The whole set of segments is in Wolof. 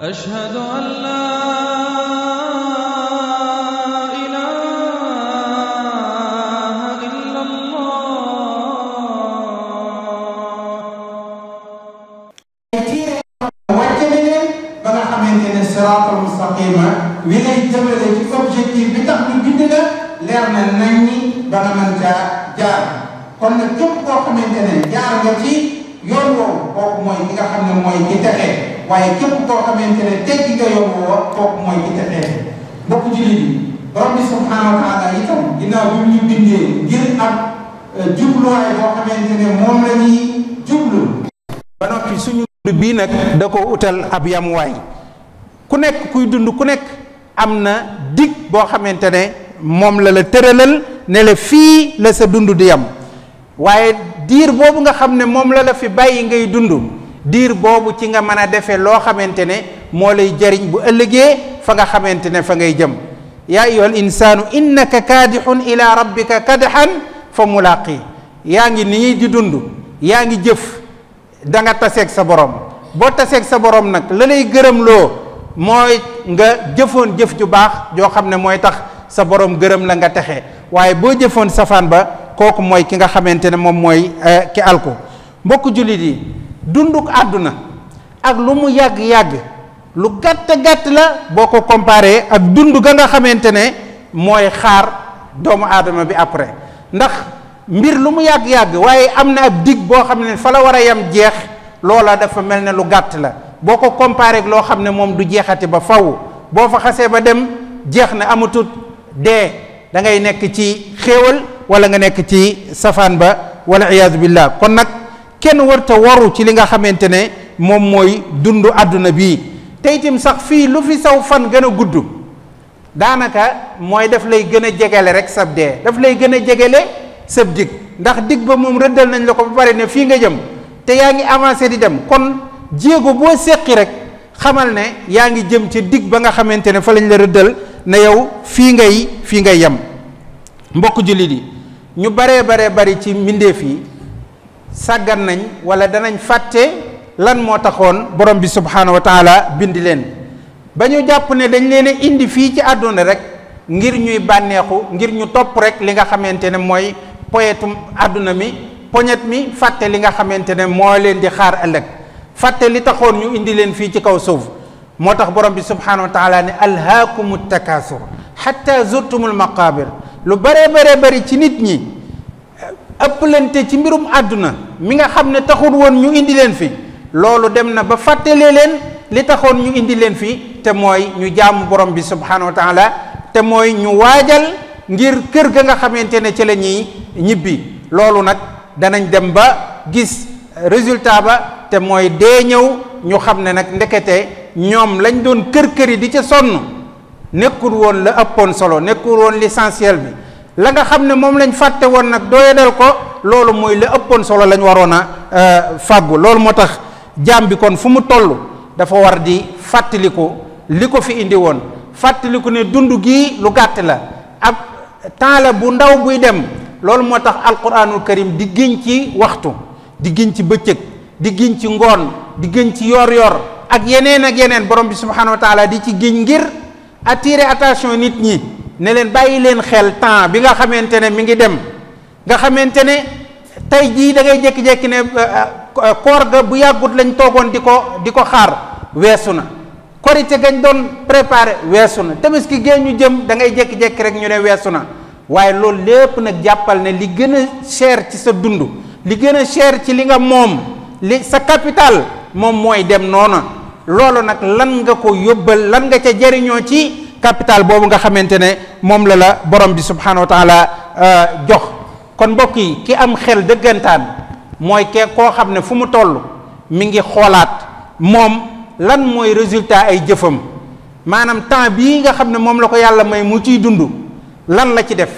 أشهد أن لا mooy ki texe waaye képp koo xamante ne teggi nga yóbbu woon kooku mooy ki texe bokk jullit yi borom bi subhaanahu wa taala itam ginnaaw bi ñu bindee ngir ak euh, jubluwaay boo xamante ne moom la bii nag da ko utal ab yamuwaay kuy dund ku nekk am na dig boo xamante ne moom la la tëralal ne la fii la sa dund di yam waaye diir boobu nga xam ne moom la la fi bàyyi ngay dund dir bobu ci nga mana a lo xamantene mo lay jariñ bu ëllëgé fa nga xamantene fa ngay jëm ya ayyul insanu innaka kadihun ila rabbika kadhan fa mulaqi yaa ngi nii di dund yaa ngi jëf da nga ak sa borom tassé ak sa borom nak la lay gëreem lo moy nga jëfoon jëf ju baax jo xamne ne tax sa borom gëreem la nga taxé waye bo jëfoon safan ba kooku moy ki nga xamantene mom moy eh, ki alko mbokk julit dunduk aduna ak lu mu yag yag, lu gàtt-gàtt la boo ko comparé ak dund ga nga xamante ne mooy xaar doomu aadama bi après ndax mbir lu mu yag yàgg waaye amna ab dig bo xam fa la yam jeex loola dafa mel ne lu gàtt la boo ko ak loo xam ne du jeexati ba faw bo fa xasee ba dem jeex na amatut de, da ngay nekk ci xéewal wala nga nekk ci safaan ba wala billah kon kenn warta waru ci li nga xamante ne moom mooy dund àdduna bi tey itam sax fii lu fi saw fan gën a gudd daanaka mooy daf lay gën a jegale rek sab dee daf lay gën a jegele sab dig ndax digg ba moom rëddal nañ la ko ba bari ne fii nga jëm te yaa ngi avancé di dem kon jéego boo seqi rek xamal ne yaa ngi jëm ci digg ba nga xamante ne fa lañ la rëddal na yow fii ngay fii ngay yem mbokk jullit yi ñu baree baree bari ci mbindeef yi sàggan nañ wala danañ fàtte lan moo taxoon borom bi subhaanahu wa taala bindi leen ba ñu jàpp ne dañ leen indi fii ci àdduna rek ngir ñuy bànneexu ngir ñu topp rek li nga xamante ne mooy poyetum àdduna mi poñet mi fàtte li nga xamante ne moo leen di xaar ëllëg fàtte li taxoon ñu indi leen fii ci kaw suuf moo tax borom bi subhaanahu wa taala ne alhaakumu takaasur xatta zurtumul maqaabir lu bare bare bari ci nit ñi ëpplante ci mbirum àdduna mi nga xam ne taxul woon ñu indi leen fii loolu dem na ba fàttalee leen li taxoon ñu indi leen fii te mooy ñu jaamu borom bi subhanahu wa taala te mooy ñu waajal ngir kër ga nga xamante ne ci la ñuy ñibbi loolu nag danañ dem ba gis résultat ba te mooy dee ñëw ñu xam ne nag ndekete ñoom lañ doon kër-këri di ca sonn nekkul woon la ëppoon solo nekkul woon l'essentiel bi la nga xam ne moom lañ fàtte woon nag doyadal ko loolu mooy la ëppoon solo lañ waroon a euh, fàggu loolu moo tax jaam bi kon fu mu toll dafa war di fàttaliku li ko fi indi woon fàttaliku ne dund gi lu gàtt la ab temps la bu ndaw buy dem loolu moo tax alquranul karim di giñ ci waxtu di giñ ci bëccëg di giñ ci ngoon di giñ ci yoor yor ak yeneen ak yeneen borom bi subhanahu wa di ci giñ ngir attirer attention nit ñi. ne len bayi len xel temps bi nga xamantene mi ngi dem nga xamantene tay ji da ngay jek jek ne euh, euh, koor ga bu yàggut lañ togon di ko xaar wessuna korite gañ don préparer wessuna na ki geñu jëm da ngay jek jek rek ñu ne wessuna na lool lepp nak jappal ne li gën cher ci sa dundu li gën cher ci li nga mom li sa capital mom moy dem nona. lolo nak lan nga ko yobbal lan nga ca jariñoo ci capital bobu nga xamantene mom la la borom bi subhanahu wa taala jox kon mbok yi ki am xel dëggantaan moy ke ko xamne fumu tollu mi ngi xoolaat mom lan moy résultat ay jëfëm manam temps bi nga xamne mom la ko yàlla may mu ciy dundu lan la ci def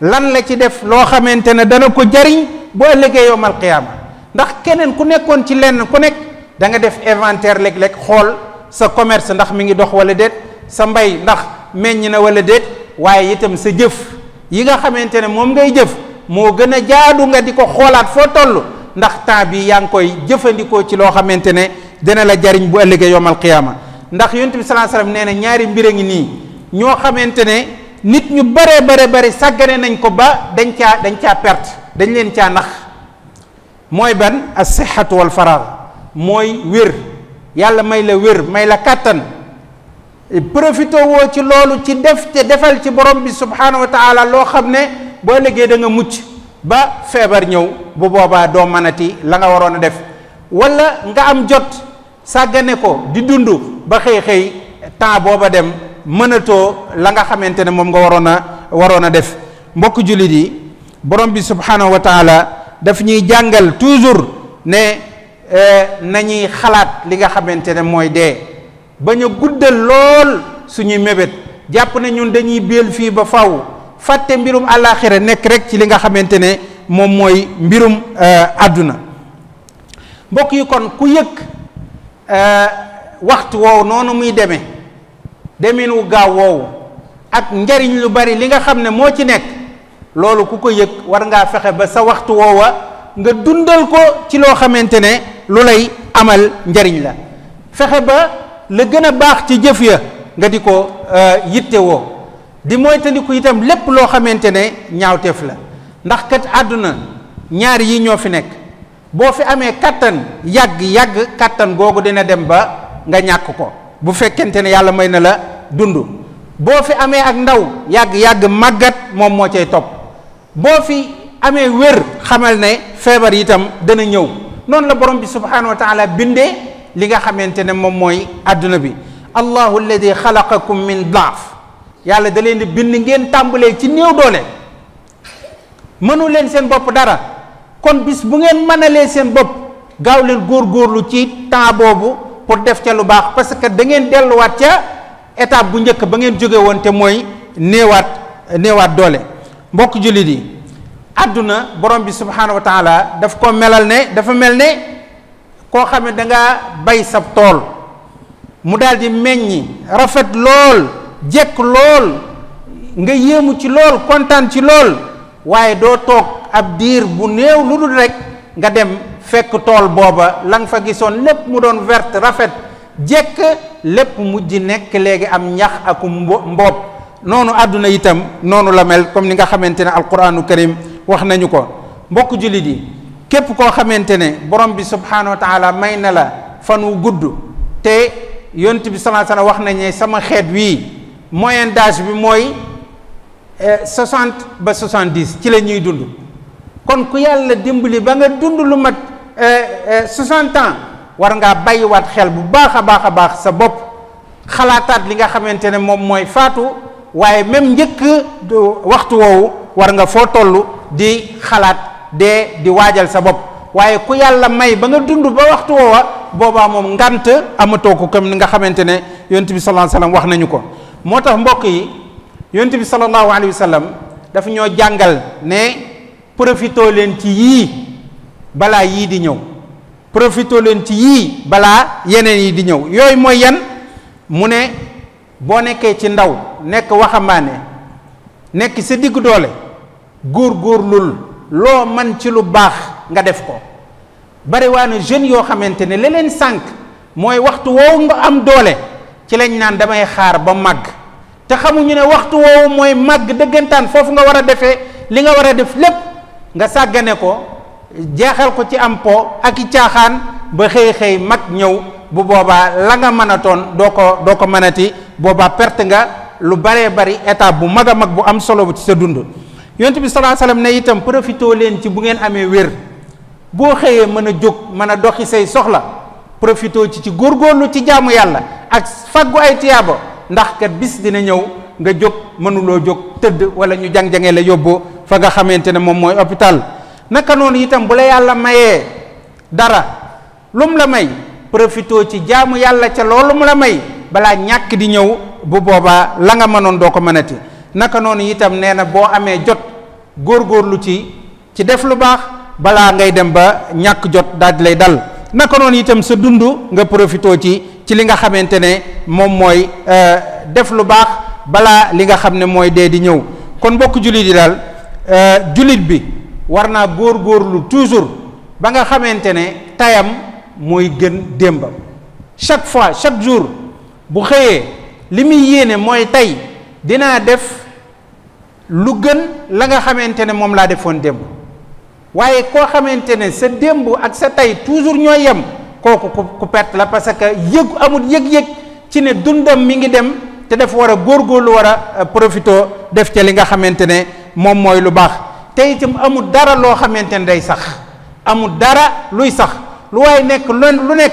lan la ci def lo xamantene dana ko jariñ bu ëllëgee yowmal qiyaama ndax kenen ku nekkon ci lenn ku nek da nga def inventaire léeg-léeg xol sa commerce ndax mi ngi dox wala det sa mbay ndax meññ na wala déet waaye itam sa jëf yi nga xamante ne moom ngay jëf moo gën a jaadu nga di ko xoolaat foo toll ndax temps bii yaa ngi koy jëfandikoo ci loo xamante ne dina la jariñ bu ëllëgee yowmal qiyaama ndax yonent bi sallallahu nee na ñaari mbir a ngi nii ñoo xamante ne nit ñu bare bare bare nañ ko ba dañ caa dañ caa perte dañ leen caa nax mooy ban as sihhatu wal mooy wér yàlla may la wér may la kàttan profité woo ci loolu ci def te defal ci borom bi subhaanahu wa taala loo xam ne boo liggéey da nga mucc ba feebar ñëw bu boobaa doo mënati la nga waroon a def wala nga am jot sàggane ko di dund ba xëy-xëy temps booba dem mënatoo la nga xamante ne moom nga waroon a waroon a def mbokk jullit yi borom bi subhaanahu wa taala daf ñuy jàngal toujours ne eh, nañuy xalaat li nga xamante ne mooy dee bañ a guddal lool suñuy mébét jàpp nañu dañuy béel fii ba faw fàtte mbirum àllaaxira nekk rek ci li nga xamante ne moom mooy mbirum euh, àdduna mbokk yi kon ku yëg euh, waxtu woowu noonu muy deme demin wu gaaw woowu ak njariñ lu bari li nga xam ne moo ci nekk loolu ku ko yëg war ngaa fexe ba sa waxtu woowa nga dundal ko ci loo xamante ne lu lay amal njariñ la fexe ba la gën a baax ci jëf ya nga di ko euh, yittewoo di moytandiku itam lépp loo xamante ne ñaawteef la ndax kat àdduna ñaar yi ñoo fi nekk boo fi amee kàttan yàgg yàgg kàttan googu dina dem ba nga ñàkk ko bu fekkente ne yàlla may na la dund boo fi amee ak ndaw yàgg yàgg màggat moom moo cay topp boo fi amee wér xamal ne feebar itam dana ñëw noonu la borom bi subhanahu wa taala bindee li nga xamante ne moom mooy àdduna bi allahu alladi xalaqakum min daaf yàlla da leen di bind ngeen tàmbalee ci néew doole mënu leen seen bopp dara kon bis bu ngeen mënalee seen bopp gaaw leen góorlu ci temps boobu pour def ca lu baax parce que da ngeen delluwaat ca étape bu njëkk ba ngeen jóge woon te mooy néewaat néewaat doole mbokk jullit yi àdduna borom bi subhaanahu wa daf ko melal ne dafa mel ne koo xam ne da bay sab tol mu daldi di rafet lol jek lol nga yemu ci lol kontaan ci lol waye do tok ab dir bu new lu rek nga dem fekk tol boba lang fa gison lepp mu don verte rafet jekk lépp mujj nek legi am ñax ak mboob nonu aduna itam nonu la mel comme ni nga xamantene alquranu karim wax nañu ko mbok julidi kep ko xamantene borom bi subhanahu wa taala may fan wu gudd te yonent bi sallallahu alayhi wasallam wax nañ sama xet wi moyen d'âge bi moy 60 eh, ba 70 ci lañuy dund kon ku yalla dimbali ba nga dund lu mat 60 eh, eh, ans war bayyi wat xel bu bah baakha baax bah sa bop xalaataat li nga xamantene mom moy fatu waye même ñeuk do waxtu war nga fo tollu di khalat de di wajal sa bop waye ku yalla may ba nga dund ba waxtu boobaa moom ngant amatoo ko comme ni nga xamante ne yonent bi sallallahu alayhi wasallam wax nañu ko moo tax mbokk yi yonent bi sallallahu alayhi wasallam dafa ñoo jàngal ne profitoo leen ci yii balaa yii di ñëw profitoo leen ci yii balaa yeneen yi di ñëw yooyu mooy yan mu ne boo nekkee ci ndaw nekk waxambaane nekk si diggu doole góor góorlul loo man ci lu baax nga def ko bari waa na jeunes yoo xamante ne la leen sànq mooy waxtu woowu nga am doole ci lañ naan damay xaar ba màgg te xamuñu ne waxtu woowu mooy màgg dëggantaan foofu nga war a defee li nga war a def lépp nga sàggane ko jaaxal ko ci am po ak i caaxaan ba xëy-xëy mag ñëw bu boobaa la nga mën a toon doo ko doo ko mënati boobaa perte nga lu baree bari étape bu mag a mag bu am solo bu ci sa dund yonent bi sallallahu alayhi wasallam ne itam profitoo leen ci bu ngeen amee wér bo xeye meuna jog meuna doxi say soxla profito ci ci góorgóorlu ci jaamu yalla ak fagu ay tiyaba ndax kat bis dina ñew nga meunu lo jog teud wala ñu jang jange la yobbo fa nga xamantene mom moy hopital naka non itam bu la yalla maye dara lum la may profito ci jaamu yalla ca loolu mu la may bala ñak di ñew bu boba la nga mënoon do ko mënati naka noonu itam nee na boo jot ci ci def lu bax balaa ngay dem ba ñàkk jot daal di lay dal naka noonu itam sa dund nga profitoo ci ci li nga xamante ne moom mooy euh, def lu baax balaa li nga xam ne mooy dee di ñëw kon mbokk jullit yi daal euh, jullit bi war naa góor lu toujours ba nga xamante ne tayam mooy gën démbam chaque fois chaque jour bu xëyee li muy yéene mooy tey dinaa def lu gën la nga xamante ne moom laa defoon démb waaye koo xamante sa démb ak sa tey toujours ñooy yem kooku ku ku perte la parce que yëg amul yëg-yëg ci ne dundam mi ngi dem te dafa war a góorgóorlu war a profito def ca li nga xamante ne moom mooy lu baax te itam amul dara loo xamante ne day sax amul dara luy sax lu waaye nekk lon lu nekk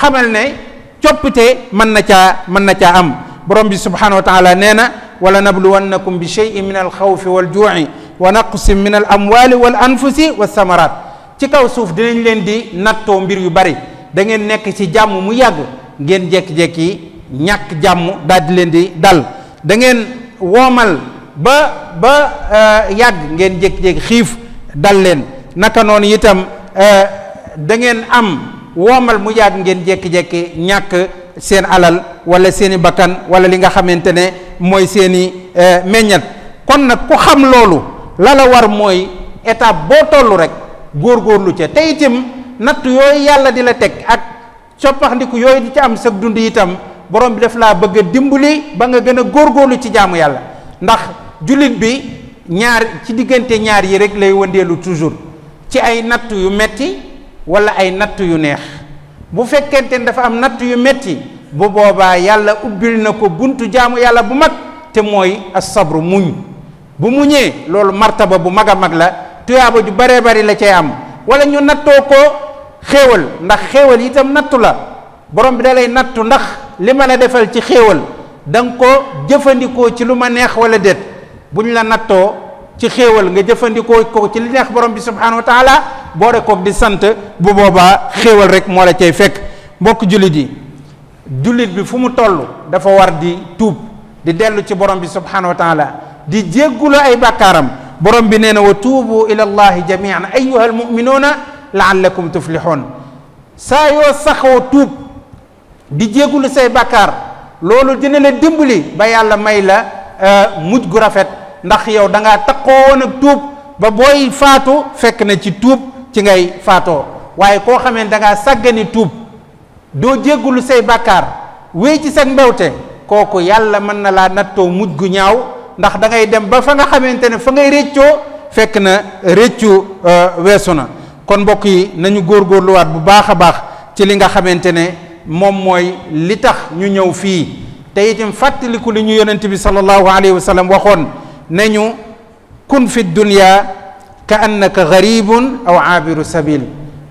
xamal ne coppite mën na caa mën na caa am borom bi subhanahu wa taala nee na wala nabluwannakum bi cheyin min alxawfi wal juuci wa naqsin min al amwali wal anfusi wa samarat ci kaw suuf dinañ leen di nattoo mbir yu bari da ngeen nekk ci jàmm mu yàgg ngeen jékki-jékki ñàkk jàmm daal di leen di dal da ngeen woomal ba ba euh, yàgg ngeen jékki-jékki xiif dal leen naka noonu itam euh, da ngeen am woomal mu yàgg ngeen jékki-jékki ñàkk seen alal wala seen i bakkan wala li nga xamante ne mooy seen i euh, meññat kon nag ku xam loolu la la war mooy étape boo tollu rek góor góorlu ca te itam natt yooyu yàlla di la teg ak coppaxndiku yooyu di ci am sag dund itam borom bi daf laa bëgg a dimbali ba nga gën a góorgóorlu ci jaamu yàlla ndax jullit bi ñaar ci diggante ñaar yi rek lay wëndeelu toujours ci ay natt yu metti wala ay natt yu neex bu fekkente ne dafa am natt yu metti bu boobaa yàlla ubbil na ko buntu jaamu yàlla bu mag te mooy ak sabru muñ bu muñee loolu martaba bu maga mag la tuyaaba ju bare bare la ci am wala ñu natto ko xewal ndax xewal itam natto la borom bi dalay natto ndax li ma la defal ci xewal dang ko jëfëndiko ci luma neex wala det buñ la natto ci xewal nga jëfëndiko ko ci li neex borom bi subhanahu wa taala boore ko di sant bu boba xewal rek mo la cey fek mbokk julit yi julit bi fu mu tollu dafa war di tuub di dellu ci borom bi subhanahu wa taala di jéggulo ay bàkkaaram borom bi nee na wa tuubu ila allahi jamian ayuha almuminuuna laallakum tuflixuun saa yoo saxoo tuub di jéggulu say bàkkaar loolu dina la dimbali ba yàlla may la euh, mujj gu rafet ndax yow da ngaa taqoon ak tuub ba booy faatu fekk na ci tuub ci ngay faatoo waaye koo xamee ne da sàggani tuub doo jéggulu say bàkkaar wéy ci sag mbewte kooku yàlla mën na laa nattoo mujj gu ñaaw ndax da ngay dem ba fa nga xamantene fa ngay reccio fekk na réccu weesu na kon mbokk yi nañu gor gor lu wat bu baakha a baax ci li nga xamantene mom moy li tax ñu ñëw fi te itim fàttaliku li ñu yonent bi sallallahu alayhi wa sallam waxoon nañu kun fi dunya ka annaka garibun aw aabiru sabil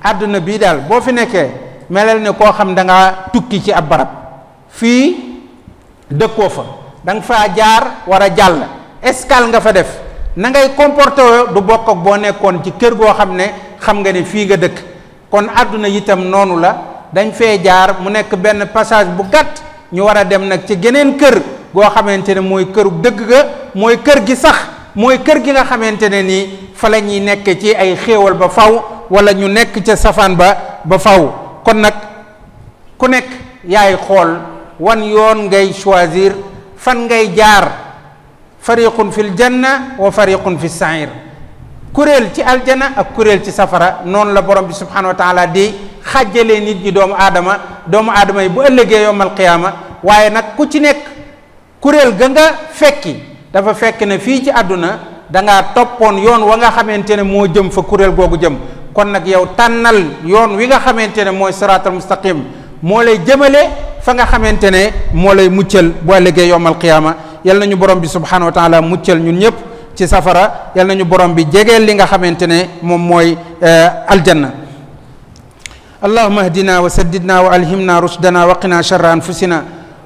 aduna bi dal bo fi nekké melal ne ko xam da nga tukki ci ab barab fii ko fa da nga faa jaar war a jàll escale nga fa def na ngay comporté du bokk boo nekkoon ci kër goo xam ne xam nga ne fii nga dëkk kon àdduna yitam noonu la dañ fee jaar mu nekk benn passage bu gàtt ñu war a dem nag ci geneen kër goo xamante ne mooy këru dëgg ga mooy kër gi sax mooy kër gi nga xamante ne nii fa la ñuy nekk ci ay xéewal ba faw wala ñu nekk ca safaan ba ba faw kon nag ku nekk yaay xool wan yoon ngay choisir fan ngay jaar fi fil janna wa fariqun fi sair kuréel ci aljana ak kuréel ci safara noonu la borom bi subhanahu wa di xàjjalee nit ñi doomu aadama doomu aadama yi bu ëllëgee yowmal qiyaama waaye nag ku ci nekk kuréel ga nga fekki dafa fekk ne fii ci àdduna dangaa toppoon yoon wa nga xamante ne moo jëm fa kuréel googu jëm kon nag yow tànnal yoon wi nga xamante ne mooy siraatal mustaqim moo lay jëmale fa xamantene mo lay muccel bo legge yowmal qiyamah yalla nañu borom bi subhanahu wa ta'ala muccel ñun ñep ci safara yalla nañu borom bi jégel li nga xamantene mom moy eh, aljanna اللهم اهدنا وسددنا والهمنا رشدنا وقنا شر انفسنا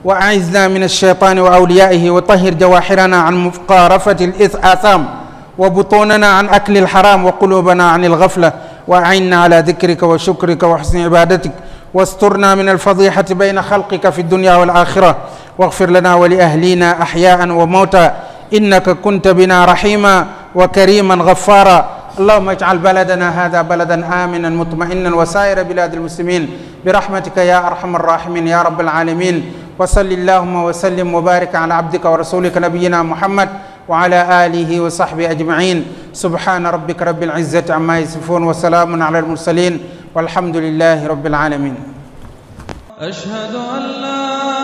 واعذنا من الشيطان واوليائه وطهر جواحرنا عن مقارفه الاثام وبطوننا عن اكل الحرام وقلوبنا عن الغفله واعنا على ذكرك وشكرك وحسن عبادتك واسترنا من الفضيحة بين خلقك في الدنيا والآخرة واغفر لنا ولأهلينا أحياء وموتى إنك كنت بنا رحيما وكريما غفارا اللهم اجعل بلدنا هذا بلدا آمنا مطمئنا وسائر بلاد المسلمين برحمتك يا أرحم الراحمين يا رب العالمين وصل اللهم وسلم وبارك على عبدك ورسولك نبينا محمد وعلى آله وصحبه أجمعين سبحان ربك رب العزة عما يصفون وسلام على المرسلين والحمد لله رب العالمين أشهد أن لا